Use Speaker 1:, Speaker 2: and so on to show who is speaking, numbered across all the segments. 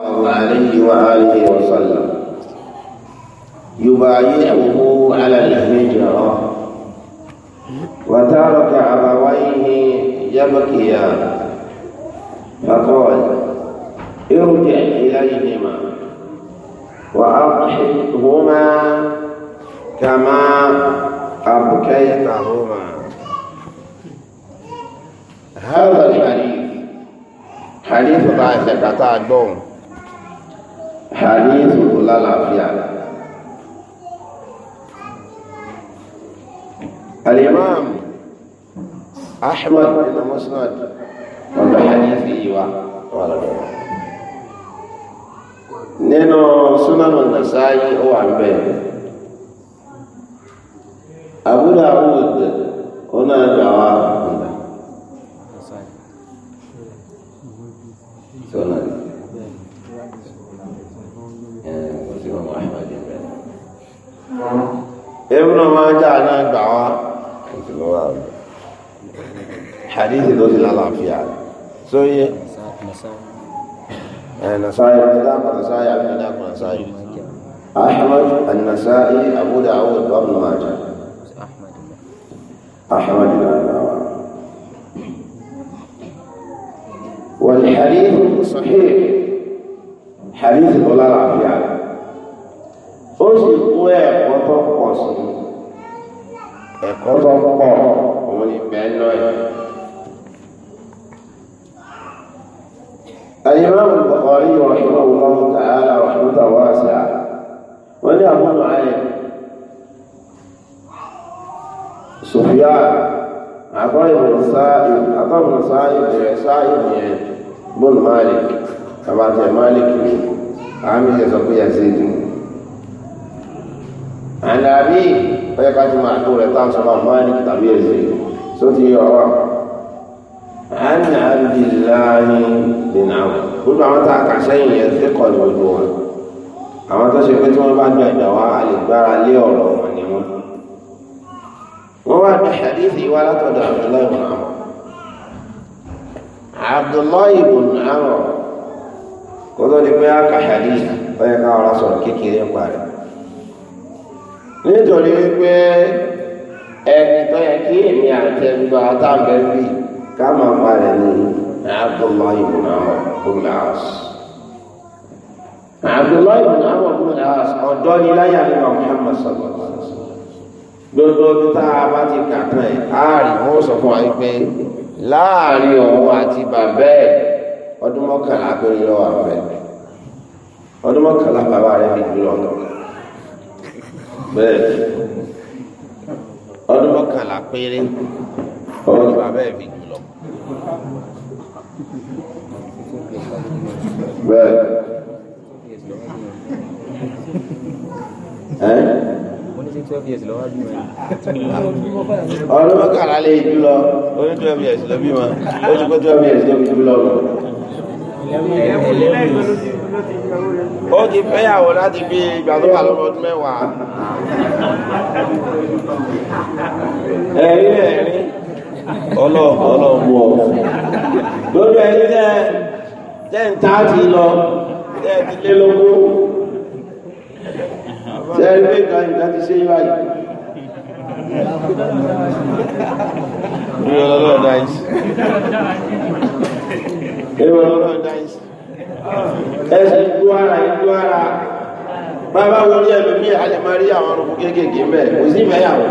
Speaker 1: الله عليه وآله وسلم يبايعه على الهجرة وترك أبويه يبكيان فقال ارجع إليهما وأضحكهما كما أبكيتهما هذا الحديث حديث ضعيف قطع البوم hadith tó lálàáfíà. alimam ahmad bin musnad ọ̀dọ̀ hadith yìí wá wà lọ́dọ̀ nínú sunan nasayi ó wà bẹ́ẹ̀ abu dawud ọ̀nà àgbà wa ọ̀nà. ابن ماجه náà gbà حديث hadith ló ti lálàáfíà sóyè نسائي ابتداء نسائي النسائي أحمد النسائي أبو داود وابن ماجه أحمد الأنوار والحديث صحيح حديث ولا العافية ó sì kú ẹ̀kọ́ tó pọ̀ sí ẹ̀kọ́ a, pọ̀ òun ni bẹ́ẹ̀ lọ الإمام البخاري رحمه الله تعالى رحمة واسعة ولا أظن عليه سفيان عطاء بن سائب عطاء بن سائب سائب بن مالك كما مالك عامل يزكو يزيد àná àbí ọyẹ ká ti máa tó rẹ̀ tá à ń sọ máa máa ní tàbí ẹ̀sìn só ti ọ̀rọ̀ àná àbíláàní nínú àwọn gbogbo àwọn tá a kà sẹ́yìn yẹn tẹ́kọ̀ọ́ ní gbogbo wọn àwọn tó ṣe pé tí wọ́n bá gba ìgbà wa a lè gbára lé ọ̀rọ̀ wọn ni wọn. wọ́n wá ní hadith yìí wá látọ̀dọ̀ Abdullahi ibn Amr Abdullahi ibn Amr kó tó di pé a kà hadith ọyẹ ká ọ̀rọ̀ sọ̀rọ̀ kékeré parí. nítorí wípé ẹni tó yẹ kí èmi àti ẹgbẹ́ bí ká máa parẹ́ ní Abdullahi ibn Amr Abdullahi ọ̀dọ́ ni láyà ní Muhammad sallallahu gbogbo ọdún tá a bá ti kà tán ẹ̀ láàrin wọn sọ fún wa láàrin òun bẹ́ẹ̀ ọdún mọ́kànlá péré ọdún bàbá ẹ̀ fi jùlọ. bẹ́ẹ̀ ẹ́ ọdún
Speaker 2: mọ́kànlá lè jùlọ ó ní twelve years lọ bí wọn ó ti
Speaker 1: kó twelve years lọ bí jùlọ ó ti fẹ́yàwó láti bí ìgbà tó wà lọ́mọ ọdún mẹ́wàá
Speaker 2: ẹ̀rí ẹ̀rí
Speaker 1: ọlọ́ọ̀bù ọlọ́ọ̀bù ọ̀bù lórí ẹni tẹ́ tẹ́ ń tá ti lọ tẹ́ ti lé lógó tẹ́ ń lé ìgbà ìgbà ti ṣe yíwáyé Real Lord, nice
Speaker 2: ẹ̀rọ ẹ̀sìn ìlú ara ìlú ara
Speaker 1: bàbá wọlé ẹlòmí àlè máa rí àwọn ọmọ kéékèèké mẹ kò sí ìfẹ́yàwó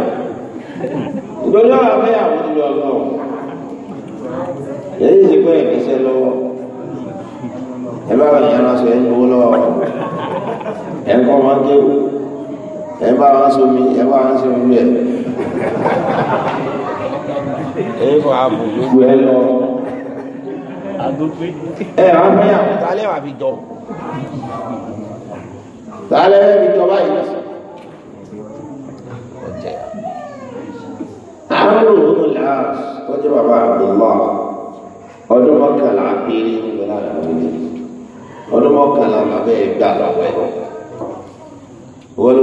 Speaker 1: ìgbọ́dọ̀ àwọn afẹ́yàwó ti lọ lọ èyí ti pẹ́ ìgbésẹ̀ lọ́wọ́ ẹ bá wọn yẹn lọ́sọ ẹ̀ ń gbowó lọ́wọ́ ẹ̀ kọ́ wọn kéwù ẹ bá wọn sọmi ẹ bá wọn sọmi lù ẹ̀ ẹ̀ fọ àbùkù
Speaker 2: ẹ lọ àgógó ẹ wá fẹ́ yà wọ́n tálẹ́ wà fi jọ tálẹ́ wà fi jọ báyìí
Speaker 1: ọjẹ́ àwọn olùdókòwò làá tọ́jú bàbá àbúrò ọdún mọ́kànlá péré nígbà náà lọ́wọ́ ọdún mọ́kànlá bàbá ẹ̀ gbà lọ́wọ́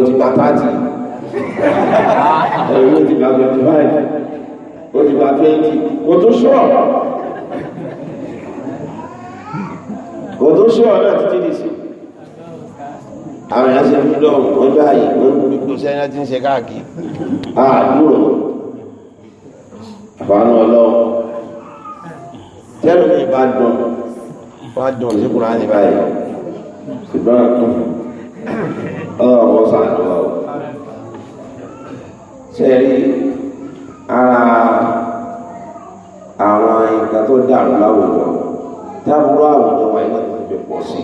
Speaker 1: ti gba
Speaker 2: ti gba twenty five
Speaker 1: ti gba twenty kò tó sọ̀rọ̀. kò tó ṣe ọ̀nà títí dì sí àwọn èèyàn ṣe ń lọ wọn bá yìí wọn gbogbo sẹ́yìn láti ń ṣe káàkiri àdúrò àbánú ọlọ́wọ́ tẹ́lẹ̀ bá dùn bá dùn sí kùránì báyìí ṣùgbọ́n ọlọ́wọ́ sàánú ọ sẹ́rí ara àwọn nǹkan tó dàrú láwùjọ táwọn àwùjọ wáyé sí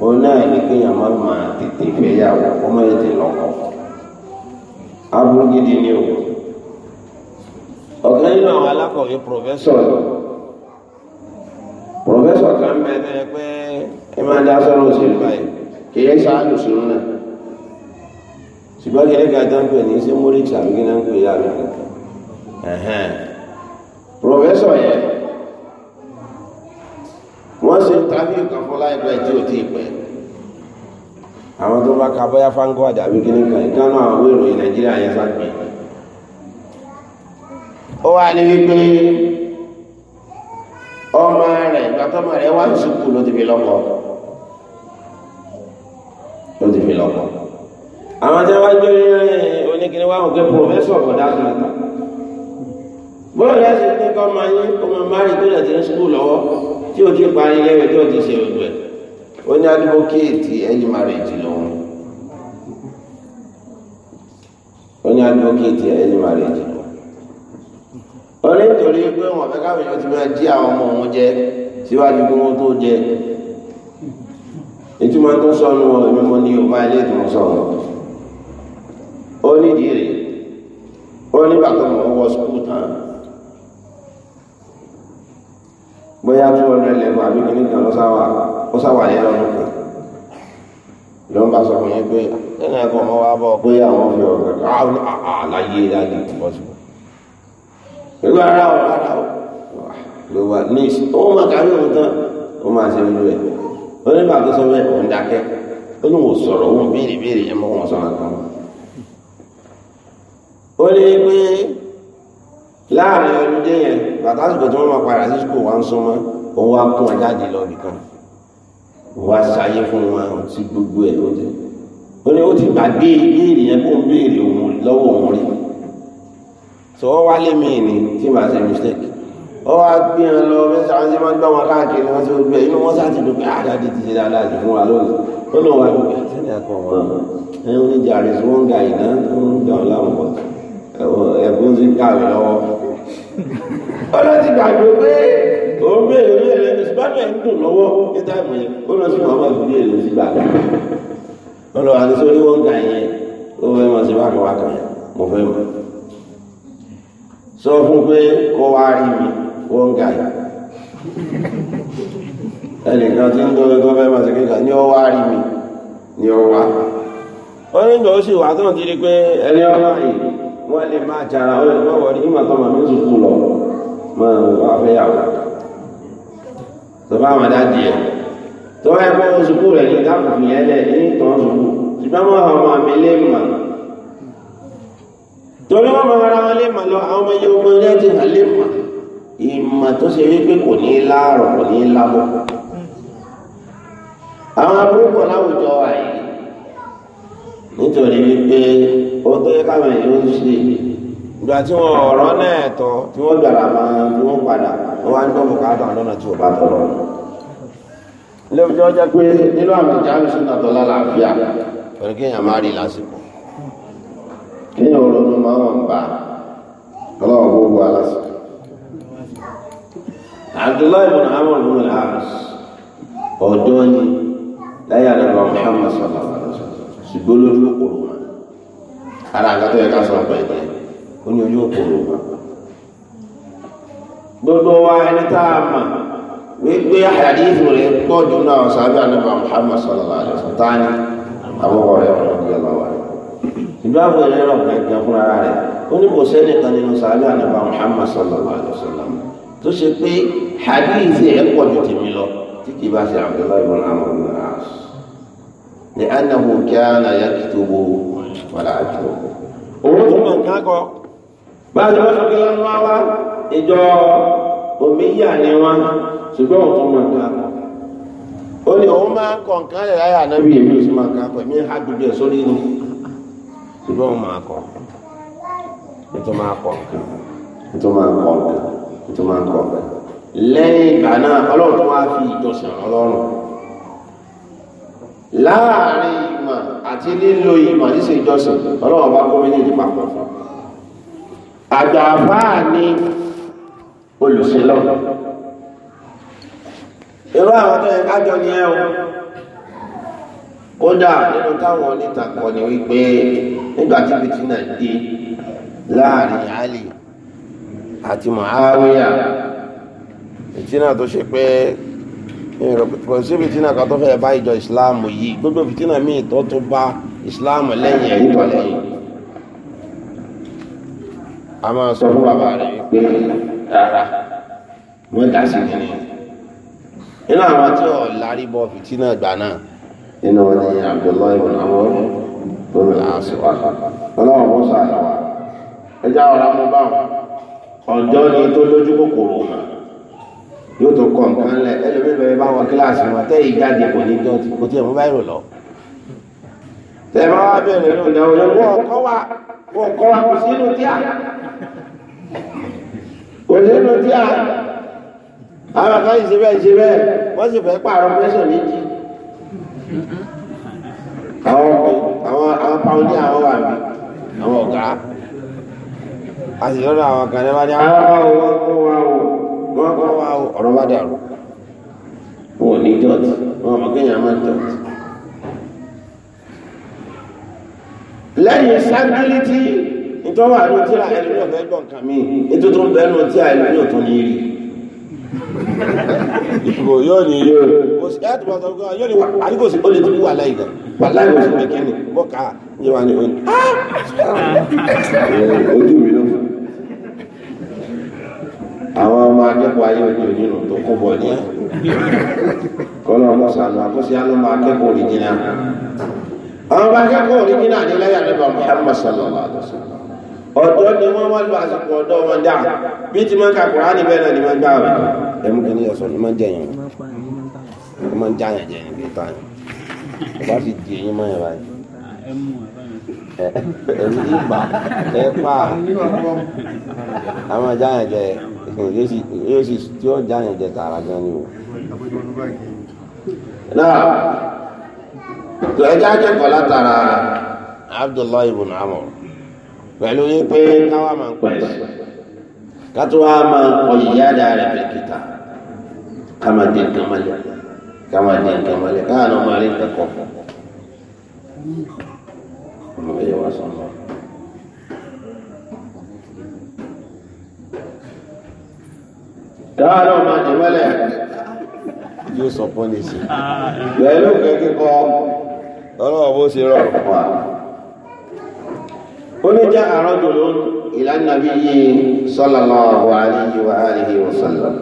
Speaker 1: òun náà ní kéèyàn má máa tètè fẹ́ yàwó kó má tètè lọ́kọ aburú gidi ni o ọ̀gá nínú àwọn alákọ̀wé pòfẹ́sọ̀ pòfẹ́sọ̀ kan bẹ tẹ́ pé ẹ máa dá sọ́rọ̀ òṣèlú báyìí kì í ṣáájú sùn náà ṣùgbọ́n kí ẹ̀ka tó ń pè ní sí múrí tàbí kí náà ń pè yàrá ẹ̀hẹ́n pòfẹ́sọ̀ yẹn wọ́n ṣe tàbí nǹkan fún láìpẹ́ tí ò tí ì pẹ́ àwọn tó bá ka bóyá fáńgọ́ àdàbí kí nìkan ìkánú àwọn owó ìròyìn nàìjíríà yẹn sápẹ́ ó wà ní wípé ọmọ rẹ̀ ìgbà tọ́mọ rẹ̀ wá ní sùkúù ló ti fi lọ́kọ ló ti fi lọ́kọ àwọn tí wọ́n gbé oníkìní wá òkè pòfẹ́sọ̀ kò dá sí ọ̀tá bọ́ọ̀lù ẹ̀sìn ní kọ́ máa yín ọmọ márì tó dẹ̀ ti ń sùkúù lọ́wọ́ tí o ti parí lẹ́wẹ̀ tó ti ṣe òdu ẹ̀ ó ní advocate ẹni marriage lòun ó ní advocate ẹni marriage lòun ó ní nítorí pé wọn fẹ́ káwọn èèyàn ti máa jí àwọn ọmọ wọn jẹ síwájú kí wọn tó jẹ ìtumọ̀ tó sọnù ẹ̀mí mo ní yorùbá ilé ìtumọ̀ sọnù ó nídìí rẹ̀ ó ní bàtọ́ mọ̀ wọ sukùl tán. bóyá two hundred level àbí kìíní kan ló sáwà ó sáwà yẹn lọ́dún kan ló ń bá sọ fún yín pé nínú ẹ̀kọ́ ọmọ wa bọ̀ pé àwọn fi ọ̀rọ̀ àwọn àlàyé láti pọ̀ sí. pẹ̀lú ara ọ̀ ara ọ̀ ló wà ní ìsìn ó máa kárí òun tán ó máa ṣe nínú ẹ̀ ó ní bàtọ́ sọ pé òun dákẹ́ ó ní wò sọ̀rọ̀ òun béèrè béèrè yẹn mọ́ wọn sọ̀rọ̀ kan. ó ní pé láàrin ọdún dé yẹn bàtàsìkò tí wọ́n máa padà sí skul wa ń súnmọ́ òun wá kún wọn jáde lọ nìkan wá sáyé fún wọn ti gbogbo ẹ̀ ó ti ó ní ó ti gbàgbé ìbéèrè yẹn kó ń béèrè òun lọ́wọ́ òun rí so wọ́n wá lé mi ní tí màá ṣe mistake wọ́n wá gbé wọn lọ mẹ́ta wọn ti máa ń gbá wọn káàkiri wọn ti gbẹ inú wọn sáà ti dùn pé ah, ti ṣe dáadáa fún wa lónìí ó lọ wá gbé ẹ̀ sẹ́ni àkọ́wọ́n ẹ̀ ń jà rẹ̀ sí wọ́n ń ga ìdán ń ga ọ̀la ọ̀pọ̀ ẹ̀bùn ti kàwé lọ́wọ́ ọlọ́tí gbàgbé pé òun béèrè béèrè ìsìbánu ẹ̀ ń dùn lọ́wọ́ ní táìmù yẹn ó lọ sí màmá ìbílẹ̀ èrè sí gbàgbé ọlọ́wà ní sórí wọn gà yẹn ó fẹ́ mọ̀ sí wákàn wákàn mo fẹ́ mọ̀ sọ fún pé kó wá rí mi wọn gà yẹn ẹnìkan tí ń gbọ́dọ̀ tó fẹ́ mọ̀ sí kíkà ní ọ wá rí mi ní ọ wá ó ní ìgbà ó sì wà tó ń kiri pé ẹni ọ wọ́n lè máa jara wọ́n lè máa wọ̀rí ìmọ̀ tọ́mọ̀ mi sùn kú lọ máa wà fẹ́ yàwó tọ́ba àwọn adájí ẹ̀ tọ́ba ẹgbẹ́ wọn sùn kú rẹ̀ ní dákùnkùn yẹn lẹ̀ ní ìtàn sùn kú ṣùgbọ́n wọn àwọn ọmọ mi lè mà torí wọn máa ra wọn lè mà lọ àwọn ọmọ yẹn ọmọ yẹn ti hàn lè mà ìmọ̀ tó ṣe wípé kò ní láàrọ̀ kò ní lábọ̀ àwọn abúrúkọ láwùjọ àyè nítorí wípé ó tó yẹ káwọn èèyàn ń ṣe ìgbà tí wọn ọ̀rọ̀ náà tọ́ tí wọ́n gbàrà máa tí wọ́n padà wọ́n wá ń dọ́bù káàtà lọ́nà tí ò bá tọ̀rọ̀ ilé ìjọ jẹ́ pé nínú àmì jáàmù sí ìtàtọ̀ lálàáfíà pẹ̀lú kéèyàn máa rí lásìkò kéèyàn ronú máa wọ̀n bá ọlọ́wọ́ gbogbo alásìkò Abdullahi bin Amr bin al-As ọ̀dọ́ ni láyé àdàbà Muhammad sallallahu ṣùgbọ́n lójú òkòrò wọn ara nǹkan tó yẹ ká sọ ọ̀pọ̀ ìpẹ́ ó ní ojú òkòrò wọn. gbogbo wa ẹni tá a mọ̀ wípé àdìsù rẹ̀ pọ̀ jù náà ọ̀sán àbí Muhammad sallallahu alaihi wasallam tani àbúkọ rẹ̀ ọ̀rọ̀ ní ọlọ́wà rẹ̀. ìlú àwọn ẹlẹ́rọ gàgà fúnra rẹ̀ ó ní kò sẹ́ni kan nínú sàbẹ̀ àdàbà Muhammad sallallahu alaihi wasallam tó ṣe pé àdìsù rẹ̀ pọ̀ jù tèmi lọ tí kì í bá ṣe Abdullahi ibn Amr ibn al-As لأنه كان يكتب ولا يكتب ni wọn ṣùgbọ́n òun tún máa ń kọ ó ní láyà nábì èmi ò sì máa ń kọ èmi ha gbogbo ẹ̀ sórí inú ṣùgbọ́n máa kọ ètò máa kọ ètò máa kọ láàrin ìmọ̀ àti lílo ìmọ̀ ní ìṣèjọsìn ọlọ́run bá kó méjèèjì papọ̀ àgbààfà ni olùsílọ̀ irú àwọn tó yẹ kájọ ni ẹ o kódà nínú táwọn onítàkọ ni wípé nígbà tí bìtínà dé láàrin Ali àti Muawiya bìtínà tó ṣe pé kò sí fìtínà kan tó fẹ́ bá ìjọ ìsìláàmù yìí gbogbo fìtínà míì tó tó bá ìsìláàmù lẹ́yìn ẹ̀yìn tó lẹ́yìn. a máa sọ fún bàbá rẹ̀ wípé rárá mo dá sí kìíní. nínú àwọn tí ò lárí bọ fìtínà gbà náà nínú wọn ni Abdullahi ibn Amr ibn al-As wà ọlọ́run bó sàlọ́ wa ẹjọ́ àwọn ọ̀rá mú bá wọn ọjọ́ ni tó lójú kòkòrò wọn yóò tó kọ nǹkan lẹ ẹlòmíràn bẹ́ẹ̀ bá wọ kíláàsì wọn tẹ́yìn jáde kò ní dọ́ọ̀tì kò tiẹ̀ mú báyìí lọ. tẹ bá wá bẹ̀rẹ̀ nínú ìdáwó lọ wọ́n kọ́ wa
Speaker 2: wọ́n kọ́ wa kò sínú tíà
Speaker 1: kò sínú tíà àwọn àkáyì ṣe bẹ́ẹ̀ ṣe bẹ́ẹ̀ wọ́n sì fẹ́ pààrọ̀ pẹ́sọ̀ méjì. àwọn àwọn àwọn pàwọn ní àwọn wà mí àwọn ọ̀gá àti lọ́dọ̀ àwọn kan ní wọ́n ní àwọn ọ̀gá wọ́n kọ́ wá ọ̀rọ̀ bá dàrú wọn ò ní dọ̀tí wọn ọmọ kéèyàn máa ń dọ̀tí.
Speaker 2: lẹ́yìn sáńgílítì ìtọ́wà tí a ẹni náà
Speaker 1: fẹ́ gbọ̀n kà mí ń bẹ ẹnu tí a ẹni náà tó ní rí ìgbò yóò ní yóò kò sí láti wọ́n sọ́kọ́ yóò ní wà àdúgbò sí olè tó wà láì gan wà láì wọ́n sí pé kí ni bọ́ka yẹ wà ní ojú ah! mi àwọn ọmọ akẹ́kọ̀ọ́ ayé òde òní nù tó kó bọ̀ ní kọ́lọ́ ọmọ sànù àkóso yá ló máa akẹ́kọ̀ọ́ òrìjìnà àwọn ọmọ akẹ́kọ̀ọ́ òrìjìnà ní lẹ́yà Muhammad sallallahu alaihi wasallam ọ̀dọ́ ni wọ́n wá lọ àsìkò ọ̀dọ́ wọn dáa bí ti máa ń ka Kùránì bẹ́ẹ̀ náà ni máa ń gbà ẹ̀mú kìíní ọ̀sán ni máa ń jẹyàn ni máa ń jáyàn jẹyàn bí di èyí máa ń ra
Speaker 2: yìí
Speaker 1: ẹ̀rù yìí bà ẹ pa àwọn jáyàn jẹ yóò sì tí ó jáyàn jẹ tààrà gan ni o.
Speaker 2: náà tó ẹjọ́ akẹ́kọ̀ọ́ látara
Speaker 1: Abdullahi ibn Amr pẹ̀lú wípé káwá máa ń pẹ̀lú kátó wá máa kọ ìyáda rẹ̀ pẹ̀kìtà ká máa di nǹkan mọ́lẹ̀ ká máa nǹkan mọ́lẹ̀ káà lọ́ọ́ máa rí nǹkan kọ̀ọ̀kan. Iya mas.
Speaker 2: Dáàrọ̀ máa jẹ mẹ́lẹ̀.
Speaker 1: Yóò sọ pọ́ ní sí. Pẹ̀lú kẹ́kẹ́ kọ́ ọlọ́wọ́ bó ṣe rọrùn fún wa. Ó ní jẹ́ àrọ́jò ló ìlànà bí yí sallallahu alaihi wa alihi wa sallam.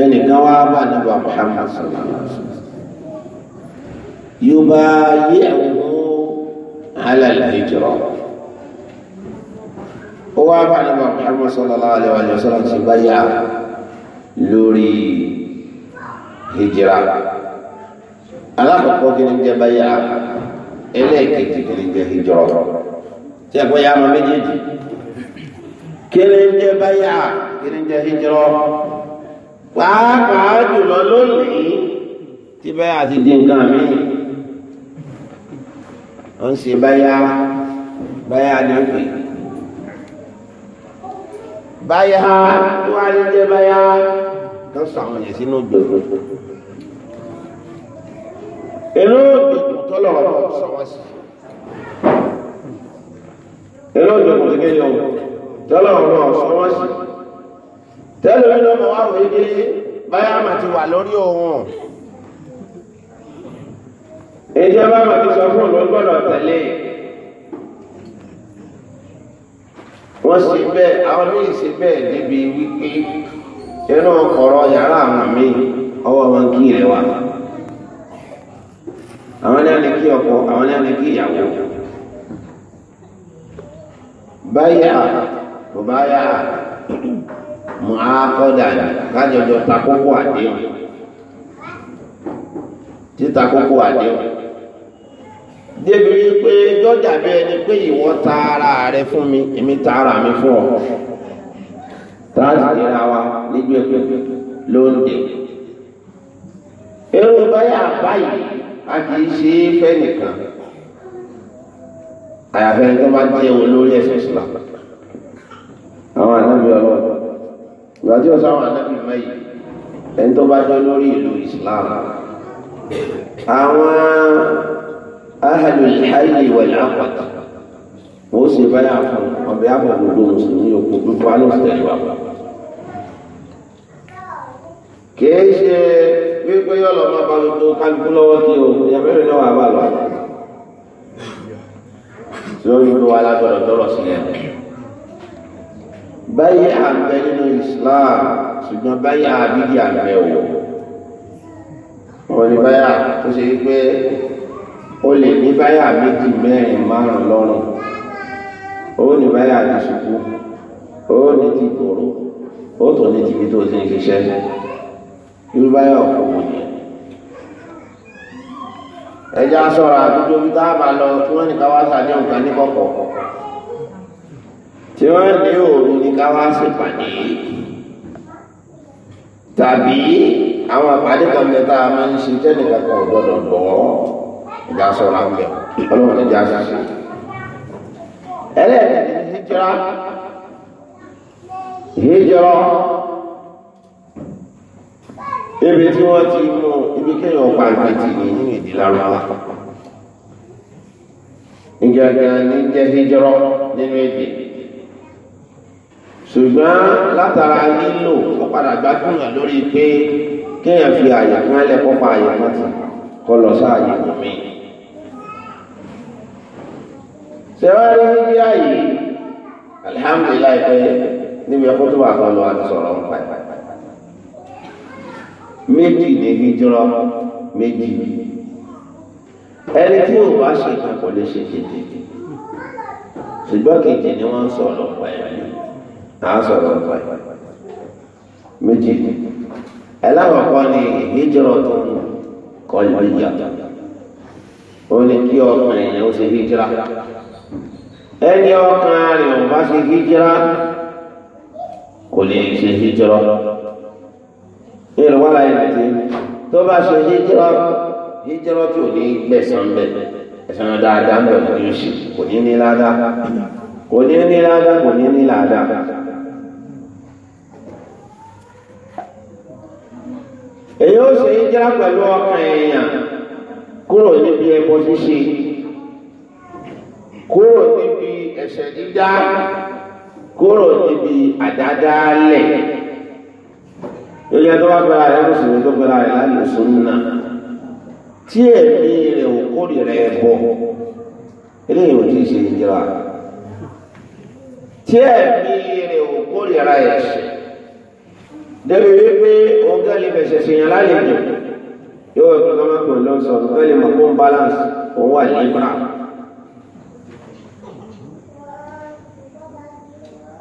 Speaker 1: Ẹnìkan wá bá nígbà Muhammad sallallahu alaihi wa sallam alàlàìjọ́ ó wá bá nípa Muhammad sallallahu alaihi wa sallam ti báyà lórí hijira alákọ̀ọ́kọ́ kí ni jẹ́ báyà ẹlẹ́ẹ̀kejì kí ni jẹ́ hijira tí ẹ̀kọ́ yà máa méjèèjì kí ni jẹ́ báyà kí ni jẹ́ hijira
Speaker 2: pàápàá jùlọ lónìí
Speaker 1: tí báyà ti di nǹkan mìíràn wọ́n ṣe báyá báyá ní ọ̀pẹ̀ báyá tó wá ní jẹ́ báyá tó sọ àwọn èèyàn sínú gbogbo inú gbogbo tó lọ́wọ́ sọ wọ́n sí
Speaker 2: inú gbogbo tó kéde ọ̀hún tó lọ́wọ́ sọ wọ́n sí
Speaker 1: tẹ́lẹ̀ mi lọ́mọ wá wọ́n yé báyá mà ti wà lórí ọ̀hún
Speaker 2: ẹjẹ bá ma ti sọ fún òun gbọ́dọ̀
Speaker 1: wọn sì bẹ́ẹ̀ àwọn míì sì bẹ́ẹ̀ níbi wípé inú ọkọrọ yàrá àwọn míì wọn kí wà àwọn ní kí ọkọ àwọn ní kí ìyàwó báyà kò báyà mọ akọdà kájọjọ àdéhùn àdéhùn. débi wípé dọ́jà bí ẹni pé ìwọ́n ta ara rẹ fún mi èmi ta ara mi fún ọ táàtì ìlera wa nígbè lóńdè èrò báyà báyìí a kì í ṣe é fẹ́ nìkan àyàfẹ́ tó bá jẹ́ olórí ẹ̀sìn Islam àwọn ànábì ọlọ́dọ̀ ìgbà tí ó sáwọn ànábì mẹ́yì ẹni tó bá jẹ́ olórí ìlú Islam àwọn ahàlù ìhàlì wal aqda wọ́n sì báyà fún ọ̀bẹ àbọ̀ gbogbo mùsùlùmí òkú gbogbo alóòsítẹ́lì wa. kìí ṣe wípé yọ lọ máa bá gbogbo kálukú lọ́wọ́ kí o ìyá mẹ́rin náà wà bá lọ. tí ó yí wa lágbọ́dọ̀ tọrọ sílẹ̀. báyìí àgbẹ̀ nínú Islam ṣùgbọ́n báyìí àbídí àgbẹ̀ wò. wọ́n ní báyà tó ṣe wípé o lè ní báyà méjì mẹ́rin márùn lọ́rùn ó ní báyà ti ṣubú ó ní ti gbòòrò ó tún ní ti fi tó ti ń ṣiṣẹ́ irú báyà ọ̀pọ̀ wò yẹn. ẹja sọ̀rọ̀ àdúgbò bí tá a bá lọ tí wọ́n ní ká wá sàdé nǹkan ní kọ̀kọ̀ tí wọ́n ní òru ní ká wá ṣèpàdé tàbí àwọn àpàdé kan mẹ́ta máa ń ṣe jẹ́ kan ò gbọ́dọ̀ gbọ́ ìjà sọ̀rọ̀ àbẹ̀ ọlọ́run ní ìjà sọ̀rọ̀ ẹlẹ́ẹ̀kẹ́ hijira hijira ibi tí wọ́n ti mú ibi kéèyàn pa ìgbìtì nínú ìdí lárúbá ìgbàgbà ní jẹ́ hijira nínú èdè ṣùgbọ́n látara nílò ó padà gbájúmọ̀ lórí pé kéèyàn fi àyà kan lẹ́kọ́ pa àyà kan tì kọ́ lọ sáàyè kan mìíràn. sẹwárí níbi ààyè alihamdulilayi pé níbi ẹkọ tó wà kan lọ àti sọ̀rọ̀ ń pa ẹ méjì ní hijrọ méjì ẹni tí ò bá ṣe kan lè ṣe kejì ṣùgbọ́n kejì ni wọ́n ń sọ̀rọ̀ pa ẹ à ń sọ̀rọ̀ pa ẹ méjì ẹlẹ́wọ̀n kan ní hijrọ tó ń kọ́ ìlú ìyá ó kí ọkùnrin yẹn ó ṣe hijra ẹni ọkàn rẹ̀ ò bá ṣe hijira kò lè ṣe hijira
Speaker 2: ìrìnwá láyé àti tó bá ṣe hijira
Speaker 1: hijira tí ò ní gbẹ̀sán bẹ̀ ẹ̀sán dáadáa ń bẹ̀ kò ní ṣe kò ní ní ládàá
Speaker 2: kò ní ní ládàá kò ní ní
Speaker 1: ládàá. èyí ó ṣe hijira pẹ̀lú ọkàn èèyàn kúrò níbi ẹbọ ṣíṣe kúrò níbi ẹ̀ṣẹ̀ dídá kúrò níbi àdádálẹ̀ yóò tó wá gbára rẹ̀ mùsùlùmí tó gbára rẹ̀ lánàá sunna tí ẹ̀mí rẹ̀ ò kórè rẹ̀ bọ̀ eléyìí ò tíì ṣe ìjìra tí ẹ̀mí rẹ̀ ò kórè rẹ̀ ẹ̀ṣẹ̀ débi wípé ọgá lè fẹsẹ̀ ṣèyàn lálejò yóò tó kọ́ mọ́ pẹ̀lú ọ̀sán lè mọ̀ fún balance òun wà ní ìbára.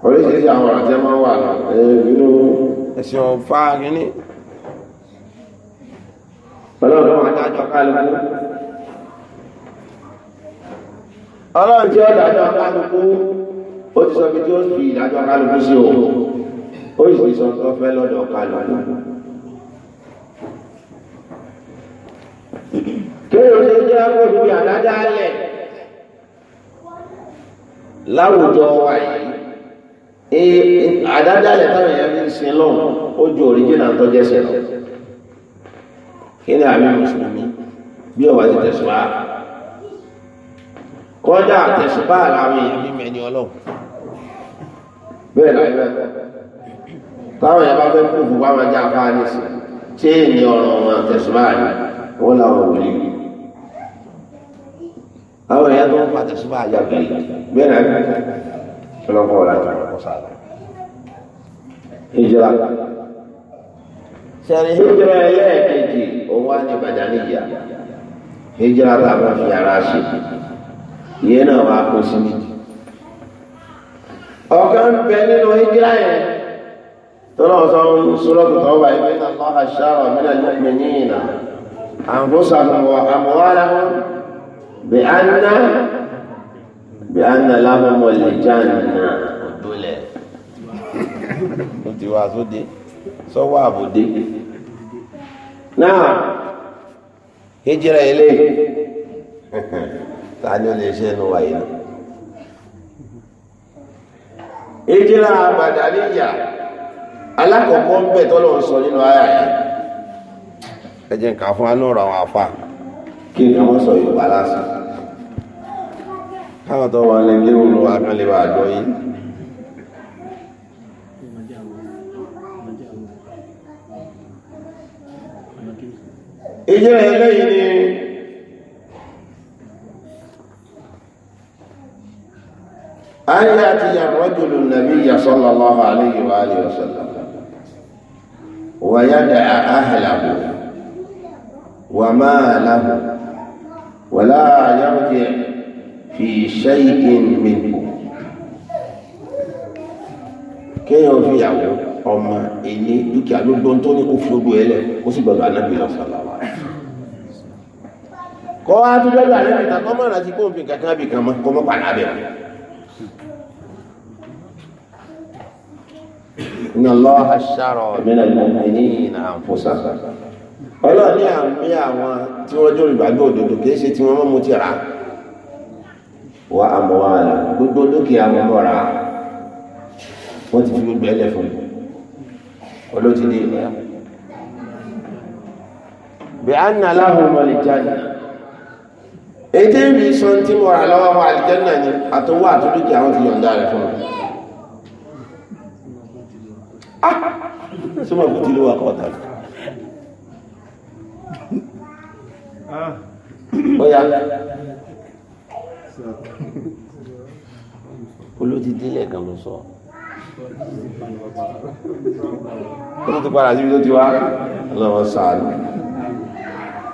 Speaker 2: oríṣiríṣi àwọn àti ẹmọ wà
Speaker 1: nínú ẹ̀sìn ọ̀fà gíní pẹ̀lú ọ̀dọ́ àdájọ́ kálukú ọlọ́run tí ó dájọ́ kálukú ó ti sọ bí tí ó fi ìdájọ́ kálukú sí o ó sì ti sọ tó fẹ́ lọ́dọ̀ kálukú kéèrè tó jẹ́ kó fi àdájọ́ alẹ̀ láwùjọ wa àdádálẹ̀ táwọn èèyàn fi ń sin lọ́hùn ó ju òríjìnà tó jẹ́sẹ̀ lọ kí ni àmì mùsùlùmí bí ọ̀wá ti tẹ̀sùbá
Speaker 2: kọ́dà tẹ̀sùbá làwọn èèyàn
Speaker 1: mímọ ẹni ọlọ́hùn bẹ́ẹ̀ láì bẹ́ẹ̀ táwọn èèyàn bá fẹ́ kú ọlọ́pàá ọ̀la tó lọ́kọ́ sáà hijira sẹ́ni hijira ẹlẹ́ẹ̀kejì òun wá ní badaniya
Speaker 2: hijira tá a máa fi ara ṣe
Speaker 1: ìyẹn náà wàá kó sí mi ọ̀kan bẹ nínú hijira yẹn tọ́lá ọ̀sán sọ́lọ́tù tọ́wọ́ báyìí bẹ́ẹ̀ náà lọ́ha ṣáà ọ̀mìnà lọ́kùnrin yìí náà àǹfọ̀sán wọ àmọ́wárà bẹ́ẹ̀ á ná bí a nà lábẹ́mọ̀ lè jáàmù náà òdúlẹ̀ ó ti wá sóde sọ́wọ́ àbòdé hijira ilé ta ni ó lè ṣe ẹnu wáyé náà
Speaker 2: hijira madaniya alákọ̀ọ́kọ́
Speaker 1: sọ káwọn tó wà ní ilé òru akánlẹ̀ wà gbọ́ yìí.
Speaker 2: ìjọ eléyìí ni
Speaker 1: ayé àti yàrá jùlọ nàbí sallallahu alayhi wa alihi wa sallam ويدع أهله وماله ولا يرجع fi shay'in minhu kéèyàn fi yàwó ọmọ èlé dúkìá ló gbọ́n tó ní kó fi gbogbo ẹ lẹ̀ ó sì gbọ́dọ̀ anábì lọ sọ̀rọ̀ àwọn.
Speaker 2: kọ́ á tún gbọ́dọ̀ anábì ta kọ́ mọ̀ràn
Speaker 1: àti kóńfin kankan bì kan kọ́ mọ́ pàdé abẹ́ wọn.
Speaker 2: inna Allaha shara mina
Speaker 1: al-mu'minina anfusahum ọlọ́ọ̀ni àmì àwọn tí wọ́n jọ ìgbàgbọ́ òdodo kì ṣe tí wọ́n mọ́ mo ti rà wà àmọ́wàlà gbogbo dúkìá mọ́ra wọ́n ti fi gbogbo ẹlẹ́ fún mi olótìdí ìlẹ́ bí a nà láhùn mọ̀lìjáde ètè rí sọ tí mo rà lọ́wọ́ wa àlìjẹ́nà ni àtọwọ́ àtúndúkì àwọn ti yọ̀ǹda rẹ̀ fún mi
Speaker 2: ah súnmọ̀ kò tí ló wà kọ́ta ó yá
Speaker 1: olódìdí lẹ́ẹ̀kan ló sọ ó ti padà síbi tó ti wá lọ́wọ́ sáàlù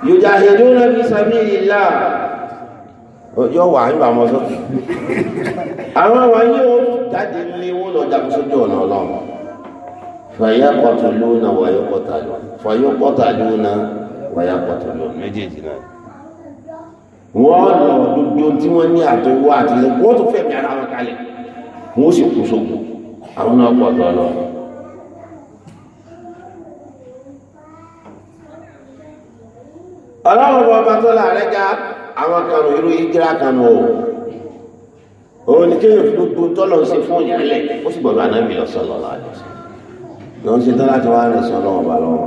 Speaker 1: yóò jẹ́ lórí sàmì ìlà yóò wà nígbà mọ́ sókè àwọn àwọn yóò jáde ní wọ́n lọ jagun sójú ọ̀nà ọlọ́run fàyà pọ̀tù lónà wàyó pọ̀tà lónà fàyó pọ̀tà lónà wàyà pọ̀tù lónà méjèèjì náà
Speaker 2: wọ́n lọ dodo tí wọ́n ní àtọwọ́ àti ilẹ̀ wọ́n tó
Speaker 1: fẹ̀mí ara wọn kalẹ̀ wọ́n sì kú sógun àwọn náà pọ̀ lọ́lọ́ ọlọ́run ọba tó láàrẹ́ ga àwọn kanu irú ìjìrá kanu o òun ni kéèyàn fi gbogbo tọ́lọ̀ ṣe fún ìyálẹ̀ ó sì gbọ́dọ̀ ànábì lọ sọ́lọ́ láàrin sí i lọ́n ṣe tán láti wá rìn sọ́lọ́ ọba lọ́wọ́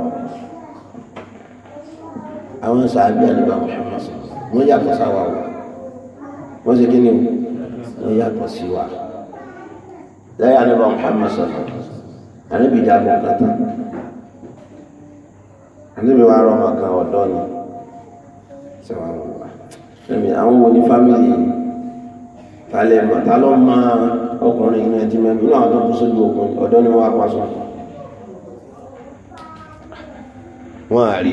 Speaker 1: àwọn sàábì mọ̀ ṣọ́mọ́sọ́ wọ́n yàtọ̀ sáwà o wọ́n ṣe kí ni o wọ́n yàtọ̀ sí wa lẹ́yìn anábà Muhammad sọ̀rọ̀ anábì dàgbà kàtà anábì wa rọ̀ ọmọ kan ọ̀dọ́ ni sọ̀rọ̀ àwọn wa fẹ́mi àwọn wo ní fámìlì yìí talẹ̀ mọ̀ ta ló ọkùnrin inú ẹtí mẹ́rin inú àwọn tó sójú ogun ọ̀dọ́ ni wọ́n apasọ̀ wọn àrí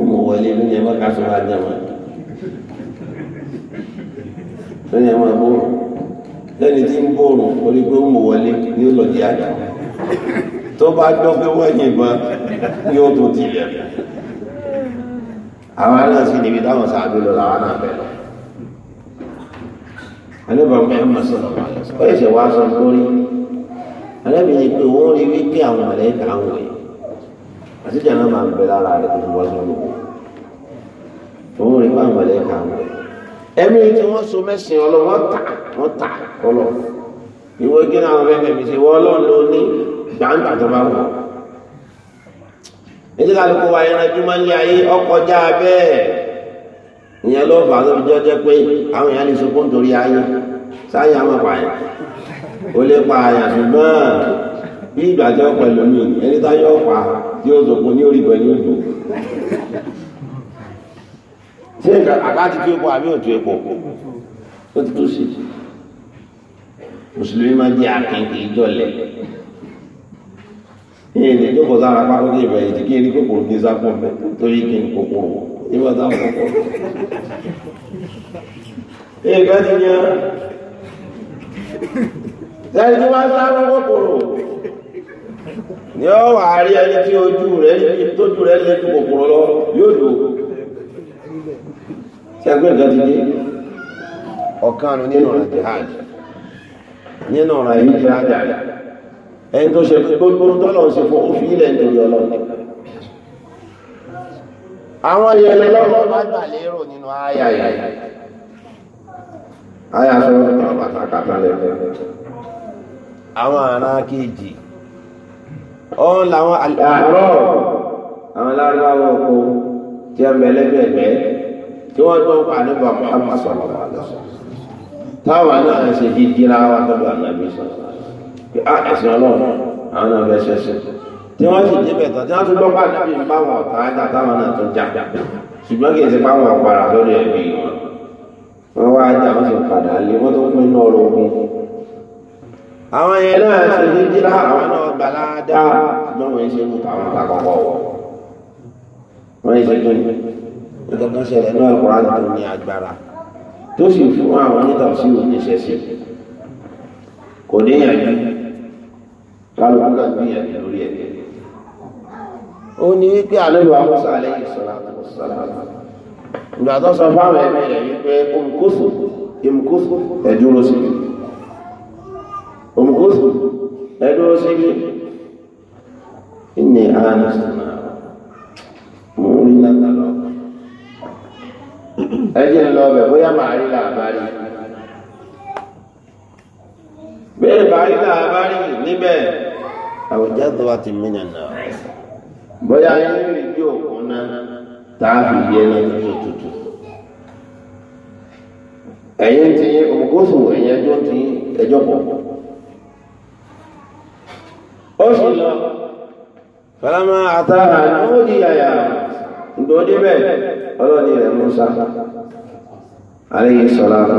Speaker 1: ọmọ wọlé lónìí ẹ má ká sọ máa jẹun lónìí ẹ má bọrọ lẹni tí ń bọrọ orí pé ọmọ wọlé ní ọlọdì àjà tó bá gbọ́ pé wọ́n yìnbọn ní ó tó ti yẹ
Speaker 2: àwọn náà sì níbi táwọn
Speaker 1: sáájú lọ làwọn náà bẹ lọ alẹ́bàá Muhammad sọ̀rọ̀ ó yẹ ṣe wá sọ lórí alẹ́bìnrin pé wọ́n rí wípé àwọn ọ̀rẹ́ wọ̀nyí àti jàǹdà máa ń bẹ lára rẹ̀ tó fi wá sórí òkú òun rí bá àmọ̀lẹ́ kà ń bẹ̀. ẹ̀mí tí wọ́n so mẹ́sìn ọlọ́wọ́ tà wọ́n tà kọlọ̀ ìwé kí náà wọ́n fẹ́ẹ́ mi ṣe wọ́n ọlọ́run ló ní gbàǹgbà tó bá wù. ètò kálukú wa yẹn rájú máa ń lé ayé ọkọjá bẹ́ẹ̀ ìyẹn ló fà á tó fi jọ pé àwọn èèyàn lè so kó nítorí ayé sáyẹn àmọ́ pààyàn ó lè pààyàn ṣùgbọ́n bí ìgbà tí wọ́n pẹ̀lú mi ẹni tá yọ pa yóò zògùn ní orí ìbọn yóò dùn.
Speaker 2: ṣé nǹkan àbá ti tú
Speaker 1: epo àbí ò tú epo ó ti tó sí mùsùlùmí máa jẹ́ akin kì í jọlẹ̀ ní èdè jókòó sára pa lókè ìbẹ̀rẹ̀ ìdí kí erí kòkòrò kí sápọ̀ torí kí n kòkòrò ìbá táwọn kòkòrò èèkà ti yan sẹ́yìn tí wọ́n sá lọ́wọ́ ní ọ wà á rí ẹni tí ojú rẹ̀ níbi tójú rẹ̀ lẹ́jú kòkòrò lọ
Speaker 2: yóò lò tí a gbé nǹkan ti dé
Speaker 1: ọ̀kan nu nínú ọ̀rọ̀ jihad nínú ọ̀rọ̀ yìí jihad ẹni tó ṣe gbogbo tọ́lọ̀ ṣe fún òfin ilẹ̀ nítorí ọlọ́run
Speaker 2: àwọn yẹn lọ́wọ́ bá gbà lérò nínú àyà yìí
Speaker 1: àyà sọ́wọ́ bàtà kàtà lẹ́yìn àwọn ará kejì ọ̀hún làwọn àárọ̀ àwọn lárúbáwọ̀ oko tí wọ́n bẹ̀lẹ́ bẹ̀lẹ́ tí wọ́n tó ń pa nípa Muhammad sọ̀rọ̀ àlọ́sọ̀ táwọn náà ṣe ti dira wa tọ́jú ànábì sọ̀rọ̀ pé á ah, ẹ̀sìn ọlọ́run àwọn náà fẹ́ ṣẹ̀ṣẹ̀ tí wọ́n sì débẹ̀ tán tí wọ́n tún gbọ́pá ànábì ń bá wọn ọ̀tá ẹ̀dá táwọn náà tún jà ṣùgbọ́n kì í ti pa wọn àpàrà lórí ẹ̀mí wọn wọ́n wá ajá wọn sì padà lé wọ́n tó pín náà lógún àwọn yẹn náà ṣe ní jíra àwọn náà gbà ládàá ṣùgbọ́n wọ́n ṣe mú àwọn àkọ́kọ́ wọ̀ wọ́n ṣe tó ní ìtọ́kàn ṣẹlẹ̀ náà kọ́ àná tó ní agbára tó sì fún àwọn onítàwọ̀sí òníṣẹ́ sí kò níyànjú kálukú náà gbìyànjú lórí ẹ̀kẹ́ ó ní wípé àlọ́lù àkọsọ alẹ́ ìṣọ́ra ìgbà tó sọ fáwọn ẹ̀mí rẹ̀ wípé òǹkóso ẹ̀dúró sí i òmùgóòsù ẹ̀dọ́ síbi ìní àánú sọ̀nà mò ń rí náà lọ. ẹ jẹ́ lọ bẹ̀ bóyá màá rí làbárí. bẹ́ẹ̀ bá rí làbárí níbẹ̀ àwùjá tó wá ti mìíràn náà. bóyá yẹn rí bí òkun náà tá a fi yẹ lọ́dún tó tutù. ẹ̀yin ti òmùgóòsù ẹ̀yin ẹjọ́ ti ẹjọ́ pọ̀. ó sì lọ fọlámà àtàrà náà di yàyà ìgbò débẹ̀ ọlọ́ni rẹ̀ Musa alayhi salatu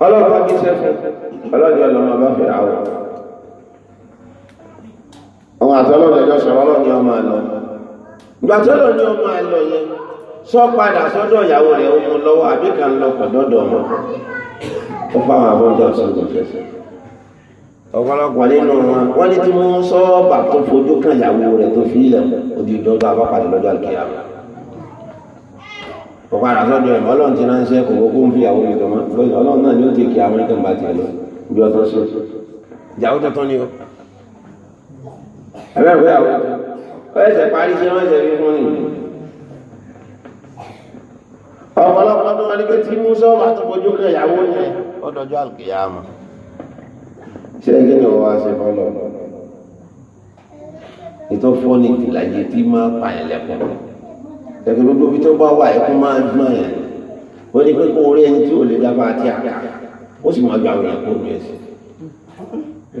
Speaker 1: ọlọ́pàá kì sẹ́fún ọlọ́ni ọlọ́mọ bá fẹ́ àwọn
Speaker 2: àwọn sọ̀rọ̀
Speaker 1: ọmọ àlọ́ ọ̀pọ̀lọpọ̀ nínú wọn wọ́n ní tí wọ́n sọ́ọ̀bà tó fojú kan ìyàwó rẹ̀ tó fi ilẹ̀ odi ìdọ́dọ́ abápadà lọ́jọ́ àkìyà ọ̀padà sọ́dọ̀ ẹ̀ ọlọ́run ti ránṣẹ́ kò kókó ń fi ìyàwó mi tọ̀mọ́ lóyún ọlọ́run náà ni ó ti kí àwọn ẹ̀kẹ́ bá ti lọ bí ọtọ́ sí ìyàwó tọ́tọ́ ni o ẹ̀rẹ́ ìwé àwọn ẹ̀sẹ̀ parí ṣe wọ́n ẹ̀sẹ̀ fi fún ni ọ̀pọ̀lọpọ̀ tó wọn ní pé tí wọ́n sọ́ọ̀bà tó fojú kan ìyàwó yẹn ọdọ̀jọ́ àkìyà mọ́ ṣé kí ni wọ́n wá ṣe fọ́lọ́ ètò fọ́ọ̀nì ìlàjì tí máa pààyàn lẹ́kọ̀ọ́ ẹ̀kọ́ gbogbo ibi tó bá wà ẹ̀kọ́ máa ń gbọ́n yẹn wọ́n ní pé kó orí ẹni tí ò lè dábàá àti àká ó sì máa gba àwọn ẹ̀kọ́ mi ẹ̀sìn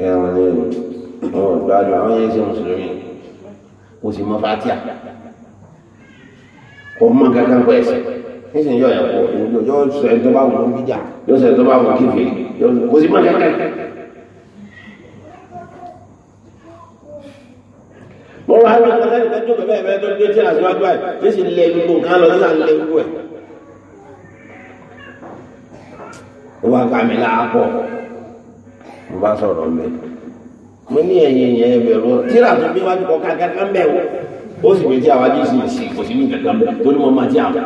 Speaker 1: ẹ̀ wọ́n ní ọ̀rọ̀ gbádùn àwọn yẹn ṣe mùsùlùmí kò sì mọ fatia kò mọ kankan pẹ̀ ẹ̀sìn nísìnyí yọ ẹ̀kọ́ yóò sọ ẹ̀ bá wù ú bíjà yóò sọ ẹ̀ bá wù ú kífì àgbàdo kẹsàn-án ìtẹ́jú kẹfẹ́ ẹ̀fẹ́ tó dé tí àṣíwájú àì tí sì lẹ gbogbo nǹkan lọ nígbà lẹ gbogbo ẹ̀. ó wá gbà mí láàpọ̀ mo bá sọ̀rọ̀ mẹ́ mo ní ẹ̀yìn ẹ̀yìn ẹ̀bẹ̀rún tíra tó gbé wájú kọ kankan bẹ̀ wọ̀ ó sì pé tí àwájú sì sì kò sí ní kankan bẹ̀ torí mo máa tí a ò tọ́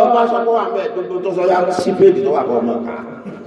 Speaker 1: ọ bá wà mẹ́ gbogbo tó sọ yá sí péjì tó kọ́ ọmọ ká.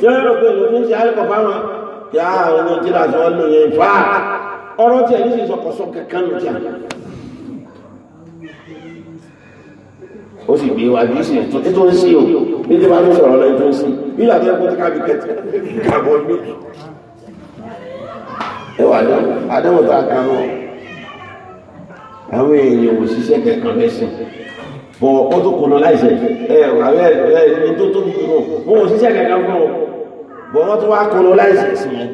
Speaker 1: tí ọ̀rọ̀ tí ẹni sì sọkọ̀sọ kankan lò tí ó sì gbé wa bí sì tó ń sí o ní tí wọ́n sọ̀rọ̀ lẹ́yìn tó ń sí bí láti ẹkọ́ tí kábi kẹtì kàbọ̀ ní ẹwà àdéhùn tó àkàn àwọn èèyàn ò kẹkàn bọ́ wọ́n tún wá kọlu láìsẹ̀ sí yẹn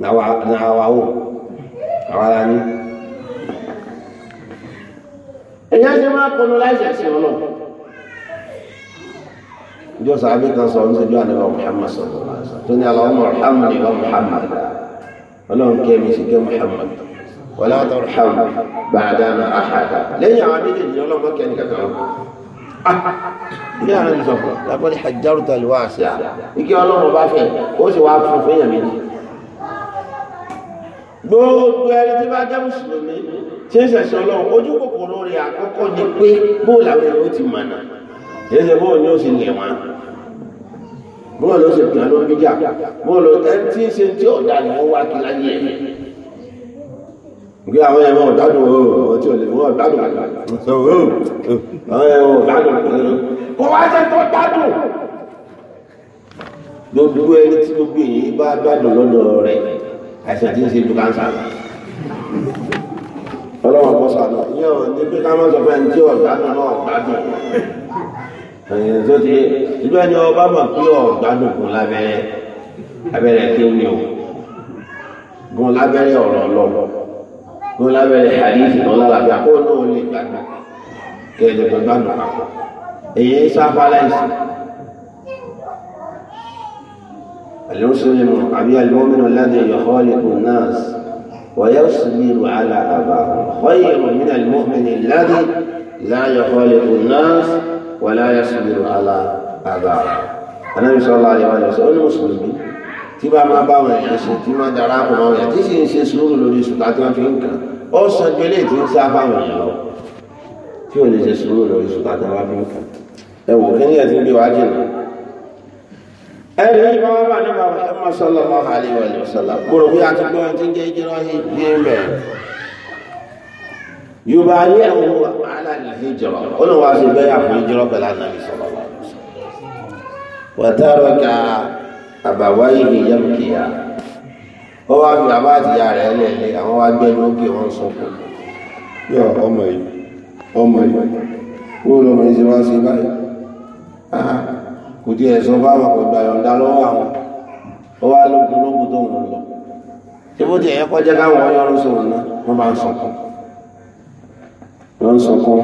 Speaker 1: nàwàwò àwárá ní èyí ṣe máa kọlu láìsẹ̀ sí ọlọ́ ìjọ sàábí kan sọ ní ìjọ àníbà Muhammad sọ̀rọ̀ tó ní àwọn Muhammad ìwà Muhammad ọlọ́run kẹ́mi sí kẹ́ Muhammad wọlá tọrọ hàn bàdánà àhàdà lẹ́yìn àwọn méjèèjì ọlọ́gbọ́n kẹ́ni kankan kí lànà ìsọ fún lápọ́lẹ̀ àjárùtà lè wá àṣà ike ọlọ́run bá fẹ́ ó sì wá fún fún èèyàn méjì gbogbo ẹni tí bá jẹ́ mùsùlùmí tí ń ṣẹ̀ṣẹ̀ ọlọ́run ojú kòkòrò rẹ̀ àkọ́kọ́ ni pé bóòlù àwọn èèyàn ó ti mọ̀nà ẹ̀ṣẹ̀ bóòlù ni ó sì lè wọn
Speaker 2: bóòlù ó sì pè wọn ló ń bí jà
Speaker 1: bóòlù ẹni tí ń ṣe tí ọ̀dà ni wọ́n wá kí láyé ẹ̀ gbé àwọn ẹ̀wọ̀n ọ̀dádùn ọ̀ọ́ kò wá ṣe tó gbádùn gbogbo ẹni tí gbogbo èyí bá gbádùn lọ́dọ̀ rẹ̀ àìsàn tí ń ṣe dùkà ń sá ọlọ́wọ́n kọ́ sànà ìyẹn ò ní pé ká má sọ pé ẹni tí ọ̀gbádùn náà gbádùn ẹ̀yìn tó ti ìlú ẹni ọba mọ̀ pé ọ̀gbádùn kún lábẹ́rẹ́ abẹ́rẹ́ kí ó ní o gun lábẹ́rẹ́ ọ̀rọ̀ ọlọ́rọ̀ gun lábẹ́rẹ́ àdéhùn ọlọ́làbẹ́ èyí sáfà láìsí المسلم أبي المؤمن الذي يخالق الناس ويصبر على أباهم خير من المؤمن الذي لا يخالق الناس ولا يصبر على أباهم النبي صلى الله عليه وسلم المسلمين tí bá máa bá àwọn èèyàn ṣe tí máa dára pọ̀ àwọn èèyàn tí sì ń ṣe sùúrù lórí sùtà ó sọ ju tí ń sá báwọn tí ò lè ṣe sùúrù lórí sùtà tí wọ́n ẹwọ kí ni ẹ̀tí ń bí wá jìnà ẹ̀rí ìbá wá bá nípa Muhammad sallallahu alaihi wa sallam mo rò pé a ti gbọ́ ẹni tí ń jẹ́ ìjírọ́ yé mẹ́ yorùbá ní ẹ̀wọ̀n wàhálà ní ìjírọ́ ó lè wá sí bẹ́ẹ̀ àpò ìjírọ́ pẹ̀lú ànábì sallallahu alaihi wa
Speaker 2: sallam
Speaker 1: wàtàrọ̀ ká àbàwá yìí yẹ́mù kìyà wọ́n wá fi bàbá àtìyá rẹ̀ lẹ́lẹ́ àwọn wá gbẹ́nu ókè wọ́n sọ́kùn yọ ọmọ yìí ọmọ yìí ó lọ́mọ yìí ti wá sí báyìí kò tiẹ̀ sọ fún àwọn àgbà yọ̀ǹda lọ́wọ́ àwọn ó wá lókun lókun tó wọn lọ ṣé bó tiẹ̀ yẹ kọjá káwọn ọyọ́ ló sọ̀rọ̀ náà wọ́n máa ń sọ̀kan wọ́n ń sọ̀kan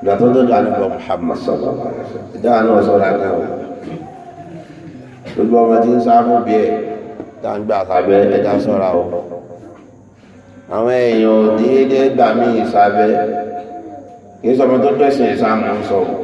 Speaker 1: ìgbà tó dọ́dọ̀ àdúgbò Muhammad sọ̀rọ̀ ìdá náà sọ̀rọ̀ àgbà wọn gbogbo ọmọ tí ń sá bí ẹ̀ tá ń gbà sábẹ́ o àwọn èèyàn déédéé gbà mí ìsábẹ́ kì í sọmọ tó pẹ̀sìn ìsámú ń sọ̀rọ̀